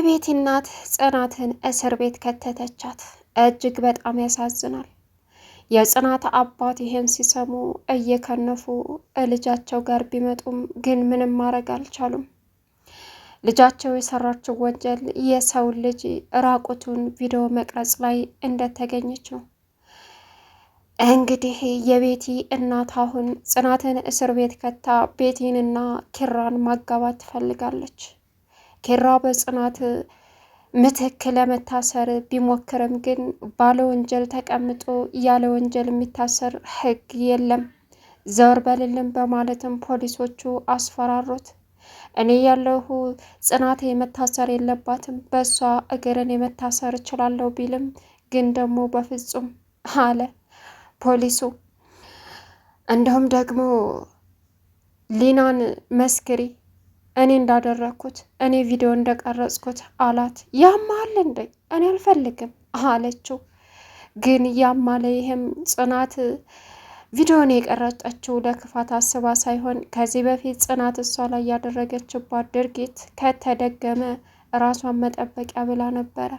የቤቲ እናት ጽናትን እስር ቤት ከተተቻት። እጅግ በጣም ያሳዝናል። የጽናት አባት ይሄን ሲሰሙ እየከነፉ ልጃቸው ጋር ቢመጡም ግን ምንም ማድረግ አልቻሉም። ልጃቸው የሰራችው ወንጀል የሰው ልጅ ራቁቱን ቪዲዮ መቅረጽ ላይ እንደተገኘች ነው። እንግዲህ የቤቲ እናት አሁን ጽናትን እስር ቤት ከታ ቤቲንና ኪራን ማጋባት ትፈልጋለች። ኬራ በጽናት ምትክ ለመታሰር ቢሞክርም ግን ባለ ወንጀል ተቀምጦ ያለ ወንጀል የሚታሰር ህግ የለም ዘወር በልልም በማለትም ፖሊሶቹ አስፈራሩት። እኔ ያለሁ ጽናት መታሰር የለባትም በእሷ እግርን የመታሰር እችላለሁ ቢልም ግን ደግሞ በፍጹም አለ ፖሊሱ። እንደውም ደግሞ ሊናን መስክሪ እኔ እንዳደረግኩት እኔ ቪዲዮ እንደቀረጽኩት አላት። ያማል እንዴ እኔ አልፈልግም አለችው። ግን ያማለ ይህም ጽናት ቪዲዮን የቀረጠችው ለክፋት አስባ ሳይሆን ከዚህ በፊት ጽናት እሷ ላይ ያደረገችባት ድርጊት ከተደገመ ራሷን መጠበቂያ ብላ ነበረ።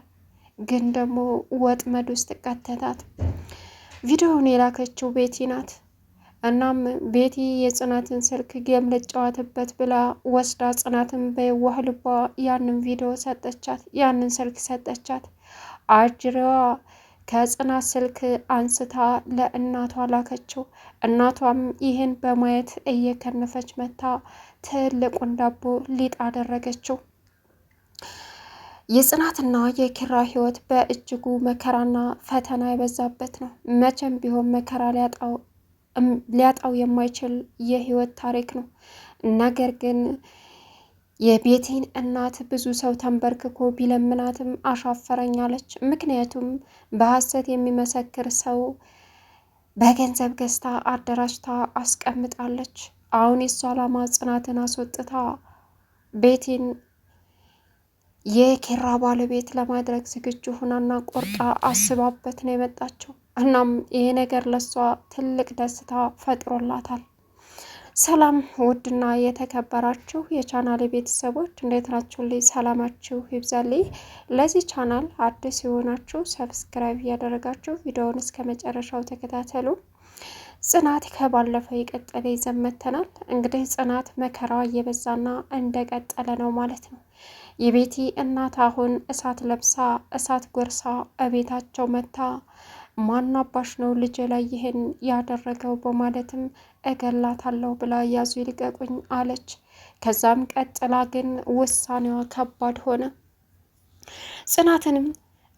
ግን ደግሞ ወጥመድ ውስጥ ቀተታት። ቪዲዮውን የላከችው ቤቲ ናት። እናም ቤቲ የጽናትን ስልክ ጌም ልጫወትበት ብላ ወስዳ ጽናትን በየዋህ ልቧ ያንን ቪዲዮ ሰጠቻት፣ ያንን ስልክ ሰጠቻት። አጅሬዋ ከጽናት ስልክ አንስታ ለእናቷ ላከችው። እናቷም ይህን በማየት እየከነፈች መታ ትልቁን ዳቦ ሊጥ አደረገችው። የጽናትና የኪራ ሕይወት በእጅጉ መከራና ፈተና የበዛበት ነው። መቼም ቢሆን መከራ ሊያጣው ሊያጣው የማይችል የህይወት ታሪክ ነው። ነገር ግን የቤቴን እናት ብዙ ሰው ተንበርክኮ ቢለምናትም አሻፈረኛለች። ምክንያቱም በሐሰት የሚመሰክር ሰው በገንዘብ ገዝታ አደራጅታ አስቀምጣለች። አሁን የሷ ጽናትን አስወጥታ ቤቴን የኪራ ባለቤት ለማድረግ ዝግጁ ሁናና ቆርጣ አስባበት ነው የመጣችው። እናም ይሄ ነገር ለሷ ትልቅ ደስታ ፈጥሮላታል። ሰላም ውድና የተከበራችሁ የቻናል ቤተሰቦች እንዴት ናችሁ? ልይ ሰላማችሁ ይብዛልኝ። ለዚህ ቻናል አዲስ የሆናችሁ ሰብስክራይብ እያደረጋችሁ ቪዲዮውን እስከ መጨረሻው ተከታተሉ። ጽናት ከባለፈው የቀጠለ ይዘን መጥተናል። እንግዲህ ጽናት መከራዋ እየበዛና እንደቀጠለ ነው ማለት ነው። የቤቲ እናት አሁን እሳት ለብሳ እሳት ጎርሳ እቤታቸው መታ ማናባሽ ነው ልጄ ላይ ይህን ያደረገው በማለትም እገላታለሁ ብላ ያዙ ይልቀቁኝ አለች። ከዛም ቀጥላ ግን ውሳኔዋ ከባድ ሆነ። ጽናትንም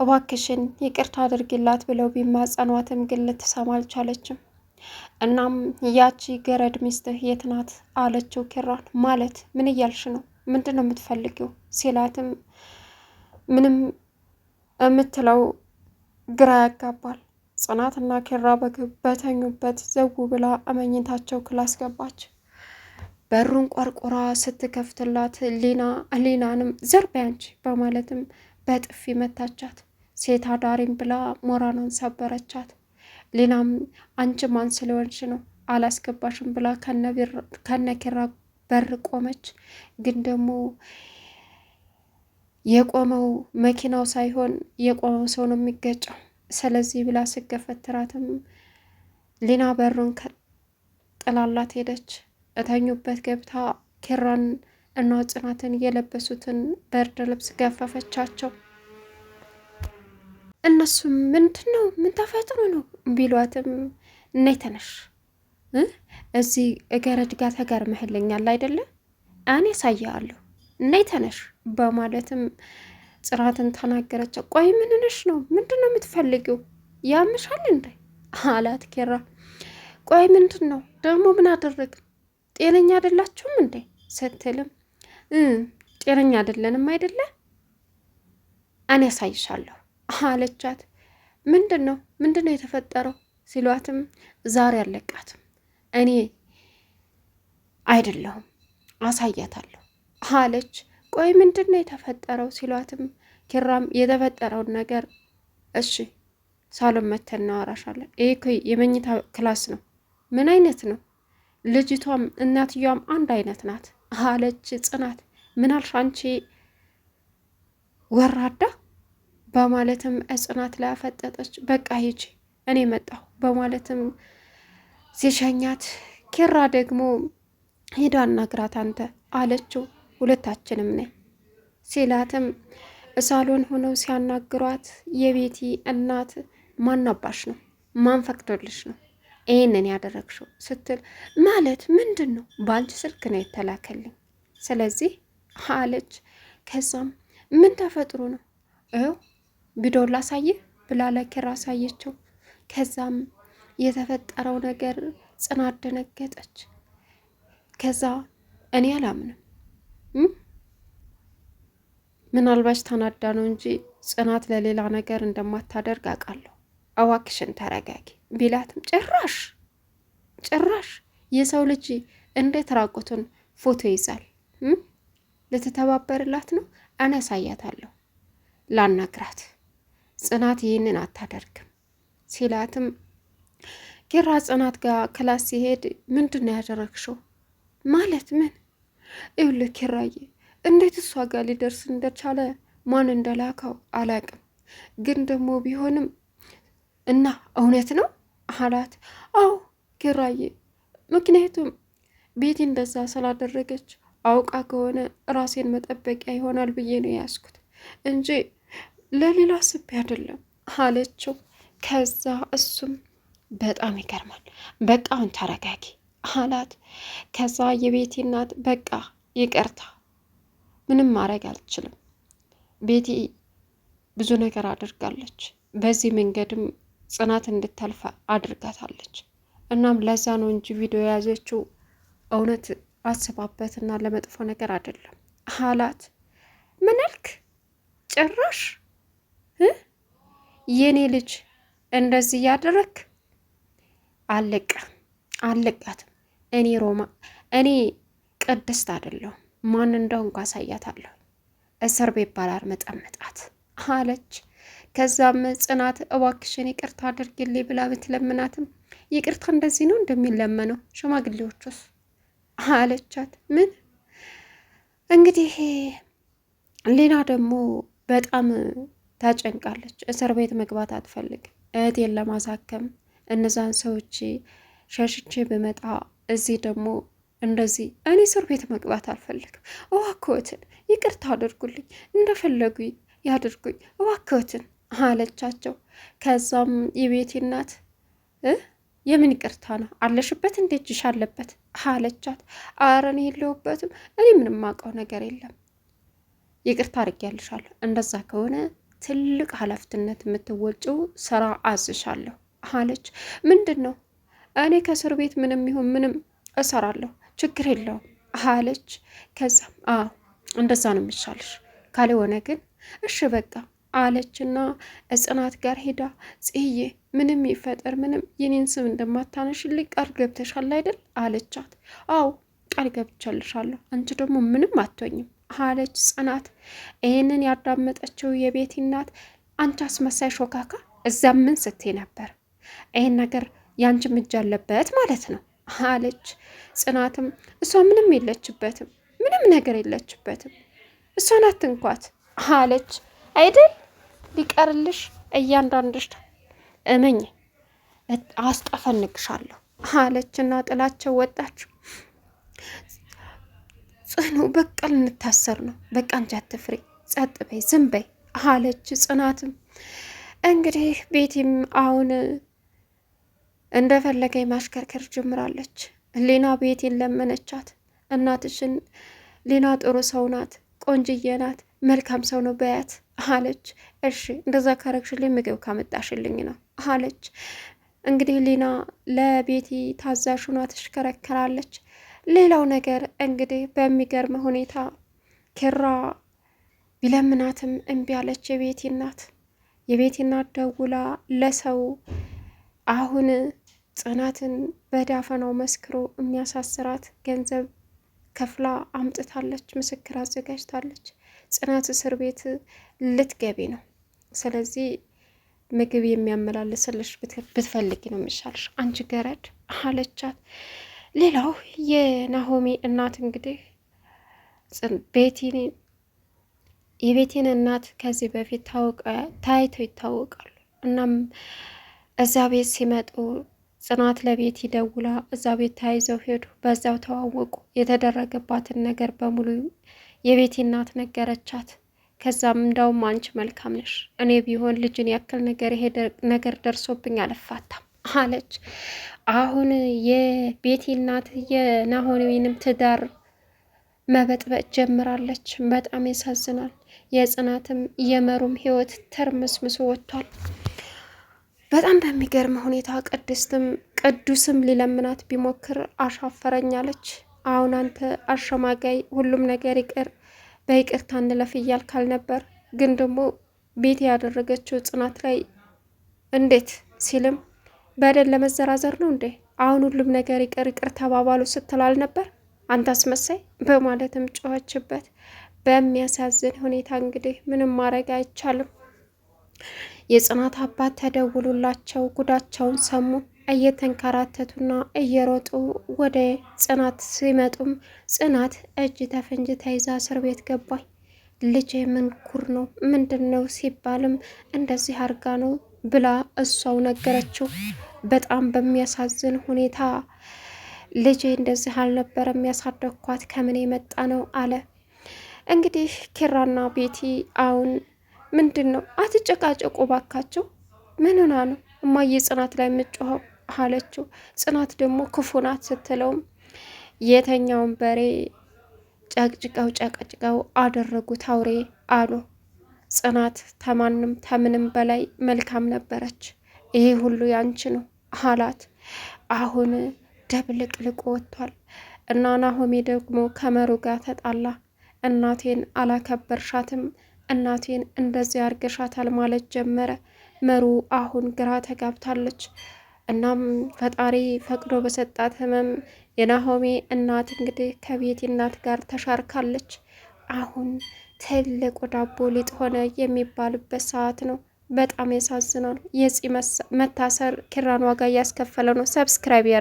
እባክሽን ይቅርታ አድርግላት ብለው ቢማጸኗትም ግን ልትሰማ አልቻለችም። እናም ያቺ ገረድ ሚስትህ የት ናት አለችው ኪራን። ማለት ምን እያልሽ ነው? ምንድን ነው የምትፈልጊው? ሲላትም ምንም የምትለው ግራ ያጋባል። ጽናትና ኪራ በተኙበት ዘው ብላ እመኝታቸው ክላስ ገባች። በሩን ቆርቆራ ስትከፍትላት ሊና ሊናንም ዘርቢያንች በማለትም በጥፊ መታቻት። ሴት አዳሪም ብላ ሞራኗን ሰበረቻት። ሌላም አንቺ ማን ስለሆንሽ ነው አላስገባሽም ብላ ከነኪራ በር ቆመች። ግን ደግሞ የቆመው መኪናው ሳይሆን የቆመው ሰው ነው የሚገጨው። ስለዚህ ብላ ስገፈትራትም ሊና በሩን ጥላላት ሄደች። እተኙበት ገብታ ኪራን እና ጽናትን የለበሱትን በርድ ልብስ ገፈፈቻቸው። እነሱ ምንድን ነው ምን ተፈጥሮ ነው ቢሏትም እነይ ተነሽ እዚህ ገረድ ጋር ተገርመህልኛል አይደለ እኔ ያሳያለሁ እነይ ተነሽ በማለትም ጽራትን ተናገረቻት። ቆይ ምንነሽ ነው ምንድን ነው የምትፈልጊው ያምሻል እንዴ አላት ኬራ። ቆይ ምንድን ነው ደግሞ ምን አደረግ? ጤነኛ አይደላችሁም እንዴ ስትልም ጤነኛ አይደለንም አይደለ እኔ ያሳይሻለሁ አለቻት። ምንድን ነው ምንድን ነው የተፈጠረው ሲሏትም ዛሬ አለቃትም እኔ አይደለሁም አሳያታለሁ አለች። ቆይ ምንድን ነው የተፈጠረው ሲሏትም ኪራም የተፈጠረውን ነገር እሺ ሳሎን መተን እናወራሻለን። ይሄ እኮ የመኝታ ክላስ ነው። ምን አይነት ነው? ልጅቷም እናትየዋም አንድ አይነት ናት አለች ጽናት። ምን አልሽ አንቺ ወራዳ በማለትም እጽናት ላይ አፈጠጠች። በቃ ሂጂ እኔ መጣሁ በማለትም ሲሸኛት፣ ኪራ ደግሞ ሄዳ አናግራት አንተ አለችው። ሁለታችንም ነ ሲላትም ሳሎን ሆነው ሲያናግሯት የቤቲ እናት ማናባሽ ነው ማን ፈቅዶልሽ ነው ይህንን ያደረግሽው ስትል ማለት ምንድን ነው በአንቺ ስልክ ነው የተላከልኝ ስለዚህ አለች። ከዛም ምን ተፈጥሮ ነው ቪዲዮ ላሳይህ ብላ ለኪራ አሳየችው። ከዛም የተፈጠረው ነገር ጽናት ደነገጠች። ከዛ እኔ አላምንም ምናልባች ተናዳ ነው እንጂ ጽናት ለሌላ ነገር እንደማታደርግ አውቃለሁ። እባክሽን ተረጋጊ ቢላትም ጭራሽ ጭራሽ የሰው ልጅ እንዴት ራቁቱን ፎቶ ይዛል? ልትተባበርላት ነው? አነሳያታለሁ ላናግራት ጽናት ይህንን አታደርግም ሲላትም ጌራ ጽናት ጋር ክላስ ሲሄድ ምንድን ነው ያደረግሽው? ማለት ምን ይውል ኪራዬ፣ እንዴት እሷ ጋር ሊደርስ እንደቻለ ማን እንደላከው አላቅም፣ ግን ደግሞ ቢሆንም እና እውነት ነው አላት። አዎ ኪራዬ፣ ምክንያቱም ቤቲ እንደዛ ስላደረገች አውቃ ከሆነ ራሴን መጠበቂያ ይሆናል ብዬ ነው ያስኩት እንጂ ለሌላ አስቤ አይደለም አለችው። ከዛ እሱም በጣም ይገርማል፣ በቃ አሁን ተረጋጊ አላት። ከዛ የቤቲ እናት በቃ ይቅርታ፣ ምንም ማድረግ አልችልም። ቤቲ ብዙ ነገር አድርጋለች፣ በዚህ መንገድም ጽናት እንድታልፍ አድርጋታለች። እናም ለዛ ነው እንጂ ቪዲዮ የያዘችው እውነት አስባበትና ለመጥፎ ነገር አይደለም አላት። ምን አልክ ጭራሽ የኔ ልጅ እንደዚህ እያደረግክ አለቀ አለቃትም። እኔ ሮማ እኔ ቅድስት አይደለሁም ማን እንደው እንኳ አሳያታለሁ። እስር ቤት ባላር መጠመጣት አለች። ከዛም ጽናት እባክሽን ይቅርታ አድርግልኝ ብላ ብትለምናትም ይቅርታ እንደዚህ ነው እንደሚለመነው ሽማግሌዎቹስ አለቻት። ምን እንግዲህ ሌላ ደግሞ በጣም ታጨንቃለች። እስር ቤት መግባት አትፈልግም። እህቴን ለማሳከም እነዛን ሰዎች ሸሽቼ ብመጣ እዚህ ደግሞ እንደዚህ እኔ እስር ቤት መግባት አልፈልግም። እዋክዎትን ይቅርታ አድርጉልኝ፣ እንደፈለጉ ያድርጉኝ፣ እዋክዎትን አለቻቸው። ከዛም የቤቲ እናት የምን ይቅርታ ነው አለሽበት፣ እንደ እጅሽ አለበት አለቻት። ኧረ እኔ የለሁበትም፣ እኔ ምንም አውቀው ነገር የለም፣ ይቅርታ አድርጌያለሻለሁ። እንደዛ ከሆነ ትልቅ ኃላፊነት የምትወጪው ስራ አዝሻለሁ አለች። ምንድን ነው እኔ ከእስር ቤት ምንም ይሁን ምንም እሰራለሁ ችግር የለውም አለች። ከዛም እንደዛ ነው የሚሻልሽ ካልሆነ ግን እሺ በቃ አለችና እጽናት ጋር ሄዳ ጽዬ ምንም ይፈጠር ምንም የኔን ስም እንደማታነሽልኝ ቃል ገብተሻል አይደል? አለቻት። አዎ ቃል ገብቻልሻለሁ። አንቺ ደግሞ ምንም አትወኝም አለች ጽናት። ይህንን ያዳመጠችው የቤቲ እናት አንቺ አስመሳይ ሾካካ እዛ ምን ስትይ ነበር? ይህን ነገር ያንቺ እጅ አለበት ማለት ነው አለች ጽናትም፣ እሷ ምንም የለችበትም፣ ምንም ነገር የለችበትም፣ እሷን አትንኳት አለች። አይደል ሊቀርልሽ እያንዳንድሽ እመኝ አስጠፈንግሻለሁ አለችና ጥላቸው ወጣች። ጽኑ በቃ ልንታሰር ነው፣ በቃ አንቺ አትፍሪ፣ ጸጥ በይ፣ ዝም በይ አለች። ጽናትም እንግዲህ ቤቲም አሁን እንደፈለገ ማሽከርከር ጀምራለች። ሌና ቤቲን ለመነቻት። እናትሽን ሌና ጥሩ ሰው ናት፣ ቆንጅዬ ናት፣ መልካም ሰው ነው በያት አለች። እሺ እንደዛ ካረግሽልኝ ምግብ ካመጣሽልኝ ነው አለች። እንግዲህ ሌና ለቤቲ ታዛዥ ሆና ትሽከረከራለች። ሌላው ነገር እንግዲህ በሚገርም ሁኔታ ኪራ ቢለምናትም እምቢ አለች። የቤቲ እናት የቤቲ እናት ደውላ ለሰው አሁን ጽናትን በዳፈናው መስክሮ የሚያሳስራት ገንዘብ ከፍላ አምጥታለች። ምስክር አዘጋጅታለች። ጽናት እስር ቤት ልትገቢ ነው። ስለዚህ ምግብ የሚያመላልስልሽ ብትፈልጊ ነው የሚሻልሽ አንቺ ገረድ አለቻት። ሌላው የናሆሚ እናት እንግዲህ ቤቲን የቤቲን እናት ከዚህ በፊት ታይተው ይታወቃሉ። እናም እዛ ቤት ሲመጡ ጽናት ለቤት ይደውላ እዛ ቤት ተያይዘው ሄዱ። በዛው ተዋወቁ። የተደረገባትን ነገር በሙሉ የቤቲ እናት ነገረቻት። ከዛም እንዳውም አንቺ መልካም ነሽ፣ እኔ ቢሆን ልጅን ያክል ነገር ይሄ ነገር ደርሶብኝ አልፋታም አለች። አሁን የቤቲ እናት የናሆሜንም ትዳር መበጥበጥ ጀምራለች። በጣም ያሳዝናል። የጽናትም የመሩም ህይወት ተርምስምሶ ወጥቷል። በጣም በሚገርም ሁኔታ ቅድስትም ቅዱስም ሊለምናት ቢሞክር አሻፈረኝ አሁን አንተ አሸማጋይ፣ ሁሉም ነገር ይቅር በይቅርታ እንለፍ እያልካል ነበር፣ ግን ደግሞ ቤቲ ያደረገችው ጽናት ላይ እንዴት ሲልም በደል ለመዘራዘር ነው እንዴ? አሁን ሁሉም ነገር ይቅር ይቅር ተባባሉ ስትላል ነበር አንተ አስመሳይ በማለትም ጮኸችበት። በሚያሳዝን ሁኔታ እንግዲህ ምንም ማድረግ አይቻልም። የጽናት አባት ተደውሉላቸው ጉዳቸውን ሰሙ። እየተንከራተቱና እየሮጡ ወደ ጽናት ሲመጡም ጽናት እጅ ተፍንጅ ተይዛ እስር ቤት ገባኝ ልጄ ምን ኩር ነው ምንድን ነው ሲባልም እንደዚህ አርጋ ነው ብላ እሷው ነገረችው። በጣም በሚያሳዝን ሁኔታ ልጄ እንደዚህ አልነበረም ያሳደግኳት ከምን የመጣ ነው አለ። እንግዲህ ኪራና ቤቲ አሁን ምንድን ነው አትጨቃጨቁ ባካቸው፣ ምንና ነው እማዬ ጽናት ላይ የምጮኸው አለችው። ጽናት ደግሞ ክፉ ናት ስትለውም የተኛውን በሬ ጨቅጭቀው ጨቅጭቀው አደረጉት አውሬ አሉ። ጽናት ተማንም ተምንም በላይ መልካም ነበረች። ይሄ ሁሉ ያንቺ ነው አላት። አሁን ደብልቅልቁ ወጥቷል እና ናሆሜ ደግሞ ከመሩ ጋር ተጣላ። እናቴን አላከበርሻትም፣ እናቴን እንደዚያ አርገሻታል ማለት ጀመረ። መሩ አሁን ግራ ተጋብታለች። እናም ፈጣሪ ፈቅዶ በሰጣት ህመም የናሆሜ እናት እንግዲህ ከቤቲ እናት ጋር ተሻርካለች አሁን ትልቁ ዳቦ ሊጥ ሆነ የሚባልበት ሰዓት ነው። በጣም ያሳዝናል። የፂ መታሰር ኪራን ዋጋ እያስከፈለ ነው። ሰብስክራይብ